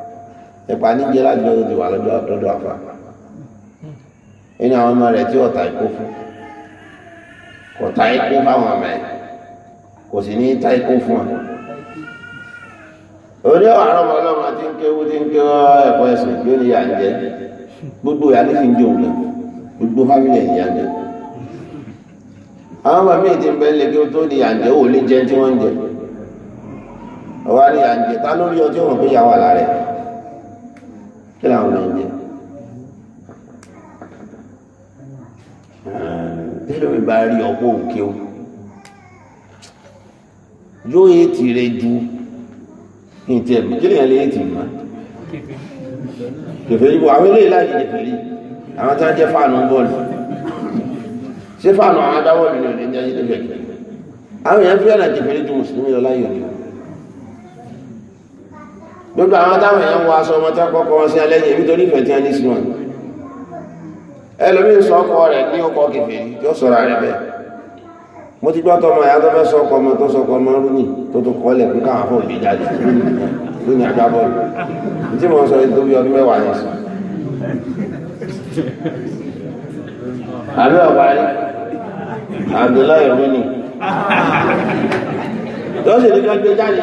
Speaker 1: ẹ̀pà níjẹ́ lájọ́ tó ti wà lọ́dọ̀ àtọ́dọ̀ àfà nínú àwọn ọmọ rẹ̀ tí ọ̀tá ikú fún kò ta ikú fáwọn ọmọ ẹ̀ kò sì ní ta ikú fún ọ orí ọ̀rọ̀ ọmọ ọlọ́mọ tí ń kéwú tí ń kéwọ́ ẹ̀kọ́ ẹ̀sùn tí ó ní yànjẹ́ gbogbo ìyá ní fi ń jòun náà gbogbo fámìlì ẹ̀ yànjẹ́ àwọn ọmọ míì ti ń bẹ́ẹ̀ lé kí ó tó ní yànjẹ́ ò lè jẹ tí wọ́n ń jẹ ọwọ́ ní yànjẹ́ ta lórí ọjọ́ òun pé yà wà lára ẹ̀ kí làwọn èèyàn jẹ tẹ́lẹ̀ mi bá rí ọ̀pọ̀ òkè o yóò yé ti rẹ ju kí n tiẹ̀ mọ̀ kí lèèyàn lè yé ti mọ̀ kẹfẹ́ yìí wọ àwọn eléyìí láti kẹfẹ́ yìí àwọn tí wọ́n jẹ́ fáànù bọ́ọ̀lù ṣé fáànù àwọn adáwọ̀lù ni ò ní jẹ́ yìí lẹ́fẹ̀ẹ́ àwọn èèyàn fẹ́ràn kẹfẹ́ yìí ju mùsùlùmí lọ láyọ̀ ni o gbogbo àwọn táwọn èèyàn wọ aṣọ ọmọta kọ́kọ́ wọn sí alẹ́yìn èmi tó nífẹ̀ẹ́ tí a ní sinú ẹlòmí sọ ọkọ rẹ̀ ní ọkọ kìfèrí tí ó sọ̀rọ̀ rẹ̀ bẹ́ẹ̀ mo ti gbọ́ tọmọ ìyá tó fẹ́ sọ ọkọ ọmọ tó sọ ọkọ ọmọ rúnì tó tó kọ́lẹ̀ pé káwọn fún òbí jáde lónìí agbábọ́ọ̀lù tí mo sọ ètò bí ọdún tó sì ní kọ́ jáde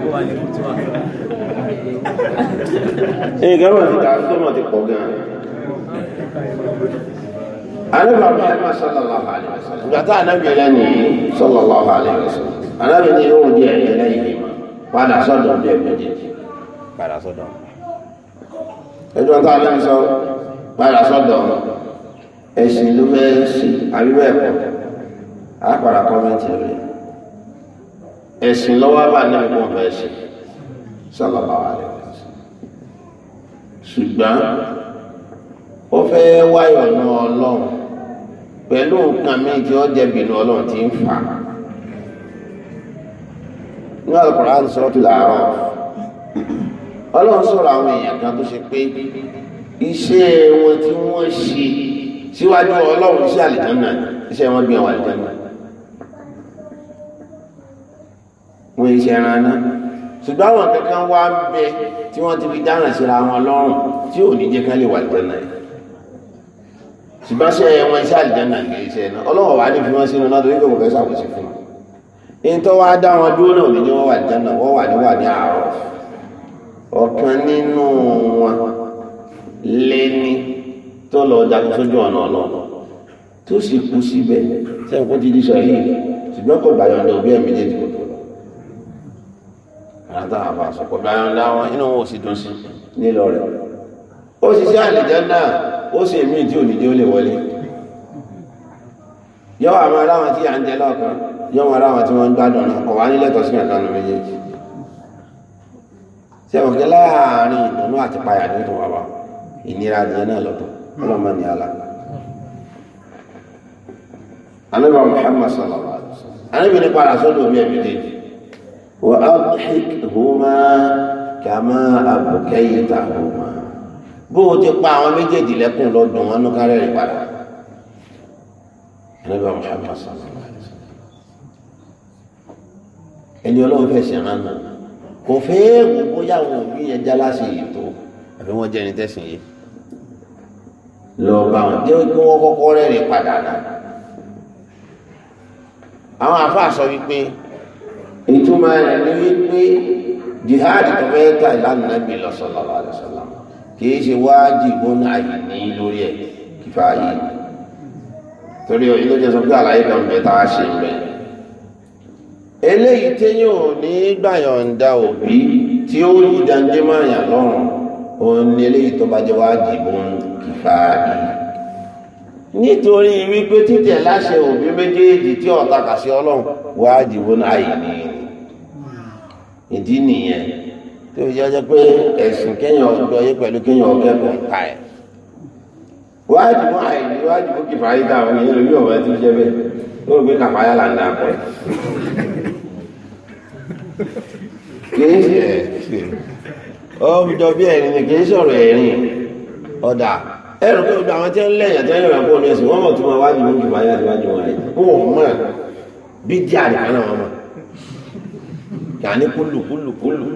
Speaker 1: nǹkan mọ̀ ti ta tó mọ̀ ti pọ̀ gan-an. Ànábì Muhammad sallallahu alaihi wasallam. Ìgbà tá ànábì ẹlẹ́ni sallallahu alaihi wasallam. Ànábì ni yóò di ẹ̀rí ẹlẹ́yìn padà sọ́dọ̀ bí ẹ̀mí jẹ. Padà sọ́dọ̀.
Speaker 2: Ẹjọ́ tá ànábì sọ padà sọ́dọ̀ ẹ̀sìn ló fẹ́
Speaker 1: sí àbí bẹ́ẹ̀ Àpàrà kọ́mẹ́ntì rẹ̀ ẹ̀sìn lọ́wọ́ bá náà mọ̀ bẹ́ẹ̀ sí sallallahu alaihi wasallam ṣùgbọ́n ó fẹ́ wáyọ̀ náà ọlọ́run pẹ̀lú nǹkan míì tí ó jẹ́ bìnú ọlọ́run ti ń fà ní Al-Qur'an suratul A'raf ọlọ́run sọ̀rọ̀ àwọn èèyàn kan tó ṣe pé iṣẹ́ wọn tí wọ́n ṣe síwájú ọlọ́run iṣẹ́ àlìjánà iṣẹ́ wọn bí àwọn àlìjánà wọn èyí ṣe ẹran náà ṣùgbọ́n àwọn kankan wá ń bẹ tí wọ́n ti fi dáràn síra wọn lọ́rùn tí ò ní jẹ́ kán lè wà lẹ́nà yìí ṣùgbọ́n ṣe ẹ̀yẹ wọn iṣẹ́ àlìjánà ní iṣẹ́ náà ọlọ́wọ́ wà ní fi wọ́n sínú náà torí kò fẹ́ ṣàkóso fún wọn ní tó wá dá wọn dúró náà ní wọ́n wà àlìjánà wọ́n wà níwà ní àárọ̀ ọ̀kan nínú wọn lẹ́ni tó lọ jagun sójú ọ̀nà ọlọ́ọ̀nà tó sì kú síbẹ̀ sẹ́yìn kó ti di sọ àtàwọn àsopọ̀ báyọ̀ ńlá wọn inú wọn ò sì dùn sí nílọ rẹ̀ ó sì sí àlìjánná ó sì mí tí òdìdí ó lè wọlé yọ àwọn aráwọn tí à ń jẹ lọ́ọ̀kan yọ àwọn aráwọn tí wọ́n ń gbádùn ọ̀nà kọ̀ wá nílẹ̀ tọ́sí àtàwọn méjèèjì tí ẹ̀wọ̀n kí láàárín ìdùnnú àti payà ní ìtàn wàwà ìnira adìyẹ náà lọ́tọ̀ ọlọ́mọ ní àlà anábìyàn Muhammad sallallahu alaihi wasallam anábìyàn nípa àrà sọ́dọ̀ omi ẹ̀mí déjì وأضحكهما كما أبكيتهما bó o ti pa àwọn méjèèjì lẹ́kùn lọ dùn wọn nú kárẹ́ rẹ̀ padà ẹni bá Muhammad sallallahu alaihi wasallam ẹni ọlọ́run fẹ́ ṣẹ̀rán náà kò fẹ́ wò bóyá àwọn òbí yẹn já láṣẹ yìí tó àbí wọ́n jẹ́ ẹni tẹ̀sìn yìí lọ bá wọn jẹ́ kí wọ́n kọ́kọ́ rẹ̀ rẹ̀ padà náà àwọn àfa sọ wípé ìtumọ̀ rẹ̀ ni wípé
Speaker 2: jihadi tó fẹ́ ta ìlànà
Speaker 1: nàbì sallallahu alaihi wasallam kìí ṣe wájìbù àyè ní lórí ẹ̀ kífà yìí torí ọ̀yìn ló jẹ́ sọ pé àlàyé kan bẹ tá a ṣe ń bẹ eléyìí téyàn ò ní gbàyànjá òbí tí ó yí dandé máa yàn lọ́rùn òun ni eléyìí tó bá jẹ́ wájìbù kífà yìí nítorí wípé títẹ̀ láṣẹ òbí méjèèjì tí ọ̀tàkà sí ọlọ́run wájìbù àyè ní ìdí nìyẹn tó yẹ jẹ́ pé ẹ̀sùn kéèyàn ọgbọ́ yé pẹ̀lú kéèyàn ọkẹ́kọ̀ọ́ ta ẹ̀ wájú mọ́ àìní wájú mọ́ kìfà ayé táwọn èèyàn lórí ọ̀rọ̀ ẹ̀ tó jẹ́ bẹ́ẹ̀ ó rò pé kàfáyà là ń dà pọ̀ kìí ṣe ọmọdé bí ẹ̀rín ni kìí sọ̀rọ̀ ẹ̀rín ọ̀dà ẹ̀rù pé gbogbo àwọn tí ń lẹ́yìn àti ẹ̀yìn ọ̀pọ̀ ọ̀nà ẹ̀sìn wọ́n mọ̀ tó máa wájú yàní kúlùkúlùkúlù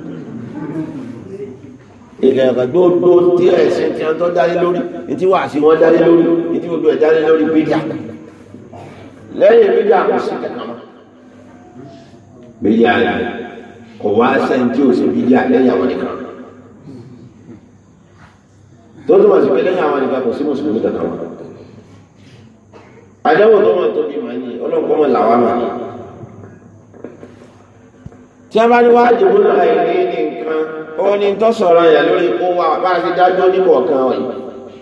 Speaker 1: ìgbà ìgbà gbogbo tí ẹ̀sìn tí wọ́n tó dálé lórí ní tí wàásì wọn dálé lórí ní tí gbogbo ẹ̀ dálé lórí bídíà lẹ́yìn bídíà kò sí kẹkàmá bídíà rẹ̀ kò wá sẹ́ni tí ò sí bídíà lẹ́yìn àwọn nìkan tó túmọ̀ sí pé lẹ́yìn àwọn nìkan kò sí mùsùlùmí kankan àdéhùn tó mọ̀ tó màá ní ọlọ́nkọ́ mọ̀ làwọn màá ní tí a bá ní wá jùlọ náà ìní ní nǹkan ó ní tó sọ̀rọ̀ yà lórí kó wà bá a ti dájọ́ ní kọ̀ọ̀kan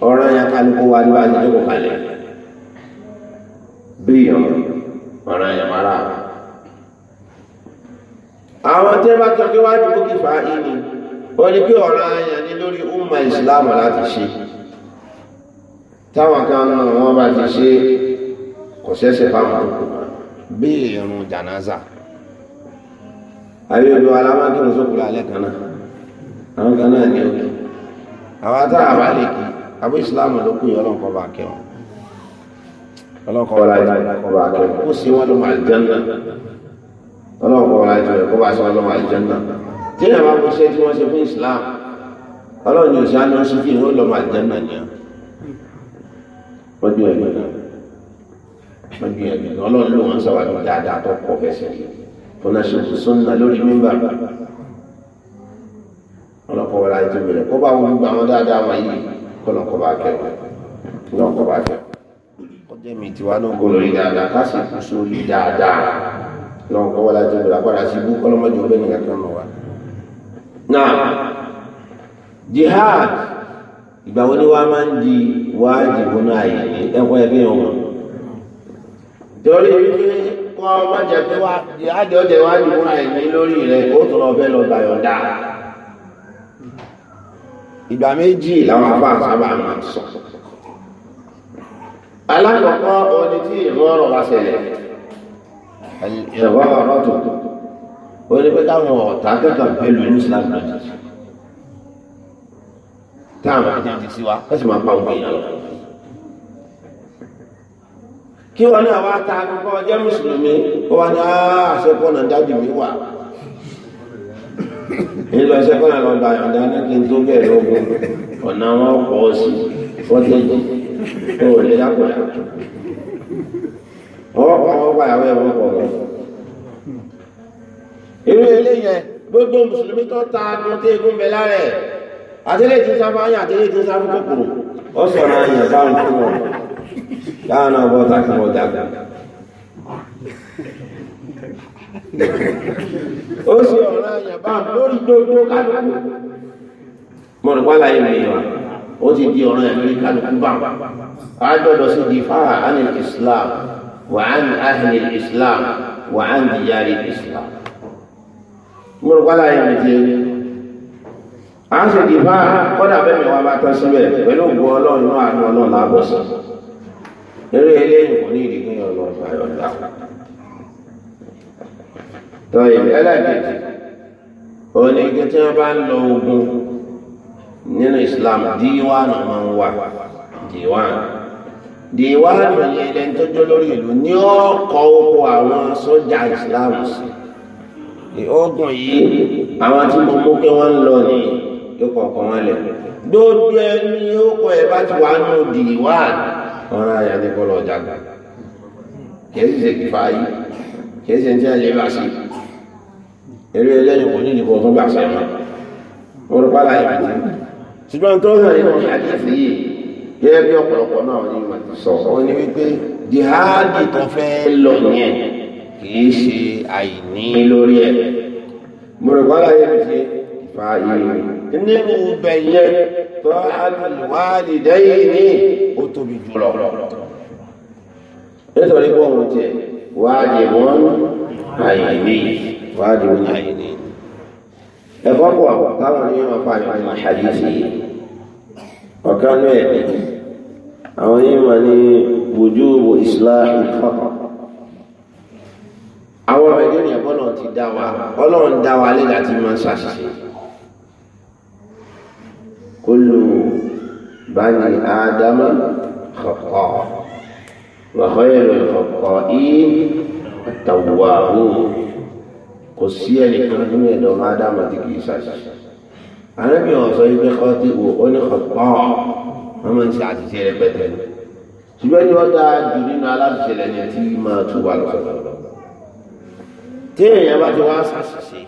Speaker 1: ọ̀rọ̀ yà kálukú wa ní bá a ti jókòó kalẹ̀ bí ọ̀rọ̀ yà mara àwọn tí a bá tọ́ kí wá jùlọ fa ìní ó ní pé ọ̀rọ̀ yà ní lórí umma Islam láti ṣe táwọn kan náà wọ́n bá ti ṣe kò ṣẹ̀ṣẹ̀ fáwọn bí ìrun àbí olú alámákìrún sókùlà lẹ́kan náà àwọn kan náà ní òkè àwọn atá àbálẹ̀ kì àbú ìsìláàmù ló kú yọlọ́n kọ́ bá kẹ́ wọn ọlọ́kọ̀ wọlá ìjọ kọ́ bá kẹ́ wọn kó sí wọn ló máa jẹun náà ọlọ́kọ̀ wọlá ìjọ kọ́ bá sí wọn ló máa jẹun náà tí ìyá máa kó iṣẹ́ tí wọ́n ṣe fún tó kọ fẹsẹ̀ yìí ọ̀nà ṣètò súnà lórí mímbà ọlọ́pọ̀ wọlé ayé tó bẹ̀rẹ̀ kó bá wọn gbà wọn dáadáa wọn yìí kọlọ́kọ̀ bá kẹ́ kọlọ́kọ̀ bá kẹ́ ọjọ́ mi ti wá náà kó lórí dáadáa ká sì kú sórí dáadáa náà kọ́ wọlé ayé tó bẹ̀rẹ̀ agbára jihad ìgbà wo ni wàá máa ń di wáàjì wọnú àyè ẹ̀kọ́ ẹgbẹ́ wọn. torí wípé kọ́ má jẹ́ pé wá ìhádìí ọ̀jẹ̀ wá ní múra ẹ̀mí lórí rẹ̀ ó tọrọ fẹ́ lọ gbà yọ̀ǹda. ìgbà méjì làwọn afá sábà máa ń sọ. alákọ̀ọ́kọ́ oní tí ìrọ̀rọ̀ wá ṣẹlẹ̀
Speaker 2: ìrọ̀rọ̀ ọ̀rọ̀
Speaker 1: tó ó ní pé káwọn ọ̀tá kẹ́kọ̀ọ́ pẹ̀lú ní Islam náà táwọn àti àti tiwa ó sì máa pa òkè kí wọn náà wá ta akọkọ ọjọ́ mùsùlùmí kó wọn ní àṣẹpọ̀ náà dájú mi wà. nílò ẹsẹ̀kọ́ náà kí n tó bẹ̀rẹ̀ ogun ọ̀nà wọn pọ̀ sí fọ́tẹ́jì tó lè dákọ̀ yàtọ̀. pọ̀ lọ. irú gbogbo mùsùlùmí tó ta tó egun bẹ lára ẹ̀ sáfà yẹn Down on what I can go down. Ó ṣe ọ̀rọ̀ àyàbá lórí gbogbo kálukú. Mo rìn wá láyé mi wá. Ó ti di ọ̀rọ̀ ẹ̀ lórí kálukú bá wọn. A gbọ́dọ̀ sí di fáà án Islam wà án ahìlì Islam wà án dìyàrí Islam. Mo rìn wá láyé mi ti rí a ń ṣèdìbà kọ́dà bẹ́ẹ̀ mi wá bá tán síbẹ̀ pẹ̀lú ògbó ọlọ́run náà àánú ọlọ́run lábọ̀ sí eré eléyìí kò ní ìdíkùn yọ lọ ọgbà yọ̀ǹda tọ́yì ẹlẹ́kẹ̀jì onígi tí wọ́n bá ń lo ogun nínú Islam díwáànù máa ń wà díwáànù díwáànù yẹn lẹ́ni tó lori lórí ìlú ní ọkọ̀ oko Islam sí ogun yìí àwọn tí mo kí wọ́n ń ọ̀rọ̀ àyà ní kọlọ̀ ọ̀jàgbà kìí ṣe kìfà yìí kìí ṣe tí a lè bá sí eré ẹlẹ́yìn kò ní ìdìbò tó gbà sẹ́mọ́ orúkọ aláyà kò ní ṣùgbọ́n tó hàn nínú àdìsí yìí gẹ́gẹ́ bí ọ̀pọ̀lọpọ̀ náà ní ìmọ̀ ti sọ ó ní wípé jihadi tó fẹ́ lọ yẹn kìí ṣe àìní lórí ẹ̀ mo rò pálá yẹn ti ṣe ìfà yìí nínú bẹ̀yẹ tó alùwádìí ní ó tóbi jùlọ. nítorí pé òun tiẹ̀ wáàdì wọn àìní wáàdì wọn àìní. ẹ̀kọ́ pọ̀ táwọn onímọ̀ pa ìmọ̀ àdìsí ọ̀kan náà ẹ̀ àwọn onímọ̀ ní wujubu islahi fọ́kàn àwọn ọmọ ẹgbẹ́ ìyẹn bọ́lọ̀ ti dá wa ọlọ́run dá wa lé láti máa ṣàṣìṣe. كل بني آدم خطاء وخير الخطائين التوابون kò sí ẹnìkan nínú ẹ̀dọ̀ máa dá màtí kìí ṣàṣà arábìnrin ọ̀sọ́ ibi kọ́ ti wò ó ní ọ̀pọ̀ wọ́n máa ń ṣe àṣìṣe rẹpẹtẹ ni ṣùgbọ́n ni wọ́n dá jù nínú aláṣìṣe lẹ́ni tí máa tún wà lọ́sọ̀rọ̀ tí èèyàn bá ti wá ṣàṣìṣe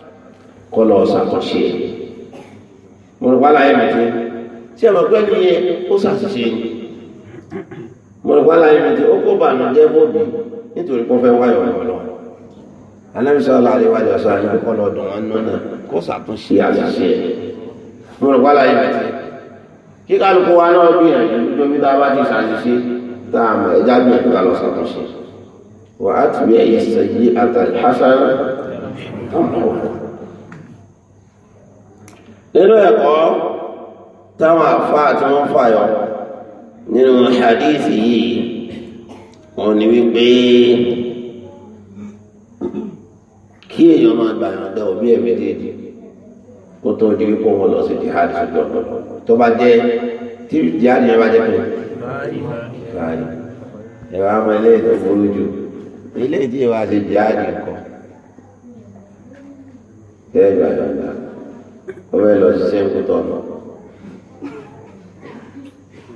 Speaker 1: mo rò wá ṣe mọ̀ pé ní ó ṣàṣìṣe ni mọ̀lùpá láyé mi ti ó kó bànú jẹ́ bòbí nítorí pé ó fẹ́ wáyọ̀ ọ̀lọ́ alábìsọ̀ láàrin wájú ọ̀sán àti kókó lọ́dún wọn náà kó ṣàtúnṣe àṣìṣe mọ̀lùpá láyé mi ti kí kálukú wa náà gbìyànjú nítorí tá a bá ti ṣàṣìṣe tá a mọ̀ ẹja gbìyànjú ká lọ ṣàtúnṣe wà á ti bí ẹ̀yẹ sẹ́yí àtàlẹ́ hasan nínú ẹ̀kọ́ táwọn àfáà tí wọ́n fàyọ nínú hadith yìí wọ́n ní wípé kí èèyàn máa gbà yàn dá òbí ẹ̀ méjèèjì kó tó di wípé wọ́n lọ sí jihad ṣùgbọ́n tó bá jẹ́ tí jihad yẹn bá jẹ́ pé ẹ̀rọ àmọ́ ilé ìtọ́ burú jù ilé ìdí ìwà ṣe jihad nǹkan
Speaker 2: tẹ́ẹ̀gbà yọ̀ǹda ó fẹ́ lọ sí sẹ́ńkú tọ́nà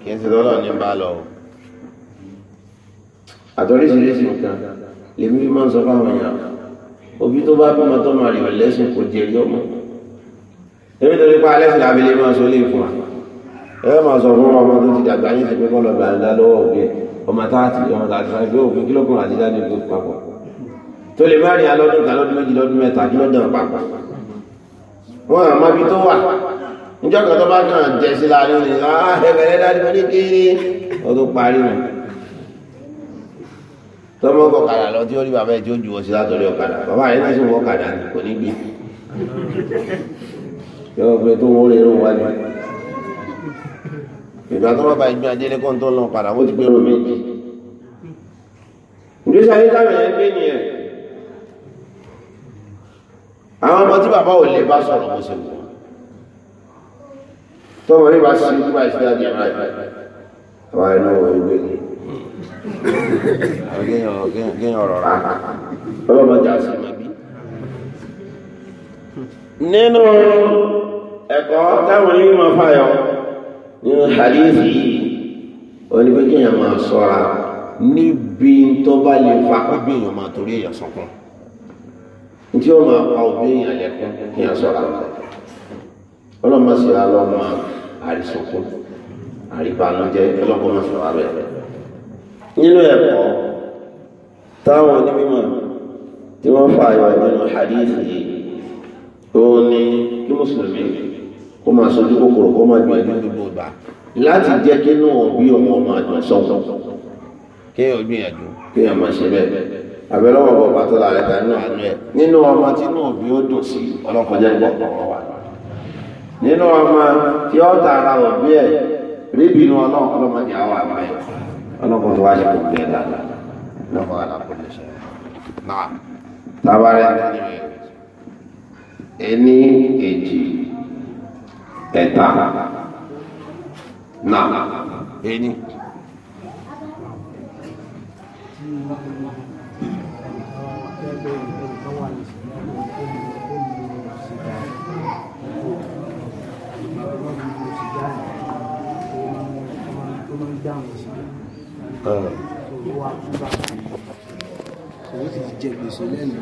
Speaker 1: kì í ṣe tọ́lọ̀ ní bá lọ. àtọ́ríṣiríṣi nǹkan lèmi fi máa ń sọ fáwọn èèyàn òbí tó bá bímọ tó máa rí ọ̀lẹ́sìn kò jẹ̀rí ọmọ èmi tó nípa alẹ́sìn lábẹ́ lè máa sọ lè fún wa ẹ máa sọ fún ọmọ tó ti dàgbà yín ti pé kọ́ lọ gbà ńlá lọ́wọ́ òbí ọmọ táàtì ọmọ táàtì fún ẹgbẹ́ òfin kílógún àti jáde tó papọ̀ tó lè má rí alọ́dún kan lọ́dún méjì lọ́dún mẹ́ta kí lọ́dún papọ̀
Speaker 2: wọn àmọ́ ibi tó wà níjọ́ kan tó bá kàn jẹ
Speaker 1: sí láàrin òní ah, ẹ̀bẹ̀rẹ̀ dájú mọ́ ní kéré ó tó parí rẹ̀ tọ́mọ́ ọkọ̀ kàdà lọ tí ó rí bàbá ẹ̀ tí ó ju ọsí látọ̀rí ọ̀kadà bàbá rẹ̀ náà sì wọ́ kàdà kò ní gbé yọ pé tó wọ́n rẹ̀ ló wájú ìgbà tó bàbá ìgbà délé kó ń tó lọ padà wọ́n ti gbé rò mí ìgbésí ayé táwọn ẹ̀ gbé nìyẹn àwọn ọmọ tí bàbá ò lè bá sọ̀rọ̀ bó ṣe wù tọ́wọ́ rí bá sí ní bá sí láti máa àwọn ẹ̀nà wọ̀ ìwé ni gíyàn ọ̀rọ̀ rà ọlọ́mọdé àti màbí nínú ẹ̀kọ́ táwọn yìí máa fàyọ nínú hadithi yìí oníbẹ̀ kíyàn máa sọ́ra níbi tó bá lè fa pípé èèyàn máa torí èèyàn sọkún tí ó máa pa òbí èèyàn lẹ́kún kíyàn sọ́ra ọlọ́mọ sí alọ́ àrísọkún àríbanújẹ́ ọlọ́pàá máa fọwọ́ rẹ̀. nínú ẹ̀kọ́ táwọn onímọ̀ tí wọ́n fa ìwà nínú hadithi yìí òun ni kí mùsùlùmí kó máa sojú kòkòrò kó máa gbìyànjú gbogbo ìgbà láti jẹ́ kí inú òbí ọmọ máa dùn sọ́wọ́ kí ẹ gbìyànjú kí ẹ máa ṣe ẹ̀ nínú ọmọ tí ó tara òbí ẹ̀ ríbi inú ọlọ́run ọlọ́mọdé àwọn àmọ́ ẹ̀ ọlọ́kùnrin tó wá ṣe kò bẹ́ẹ̀ dáadáa lọ́wọ́ alákòólé náà tábàárẹ̀ ẹni èjì ẹ̀ta náà ẹni.
Speaker 2: ó wá jẹ gbèsè lẹ́nu.